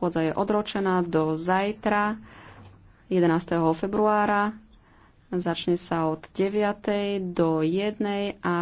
schôdza je odročená do zajtra 11. februára. Začne sa od 9. do 1. a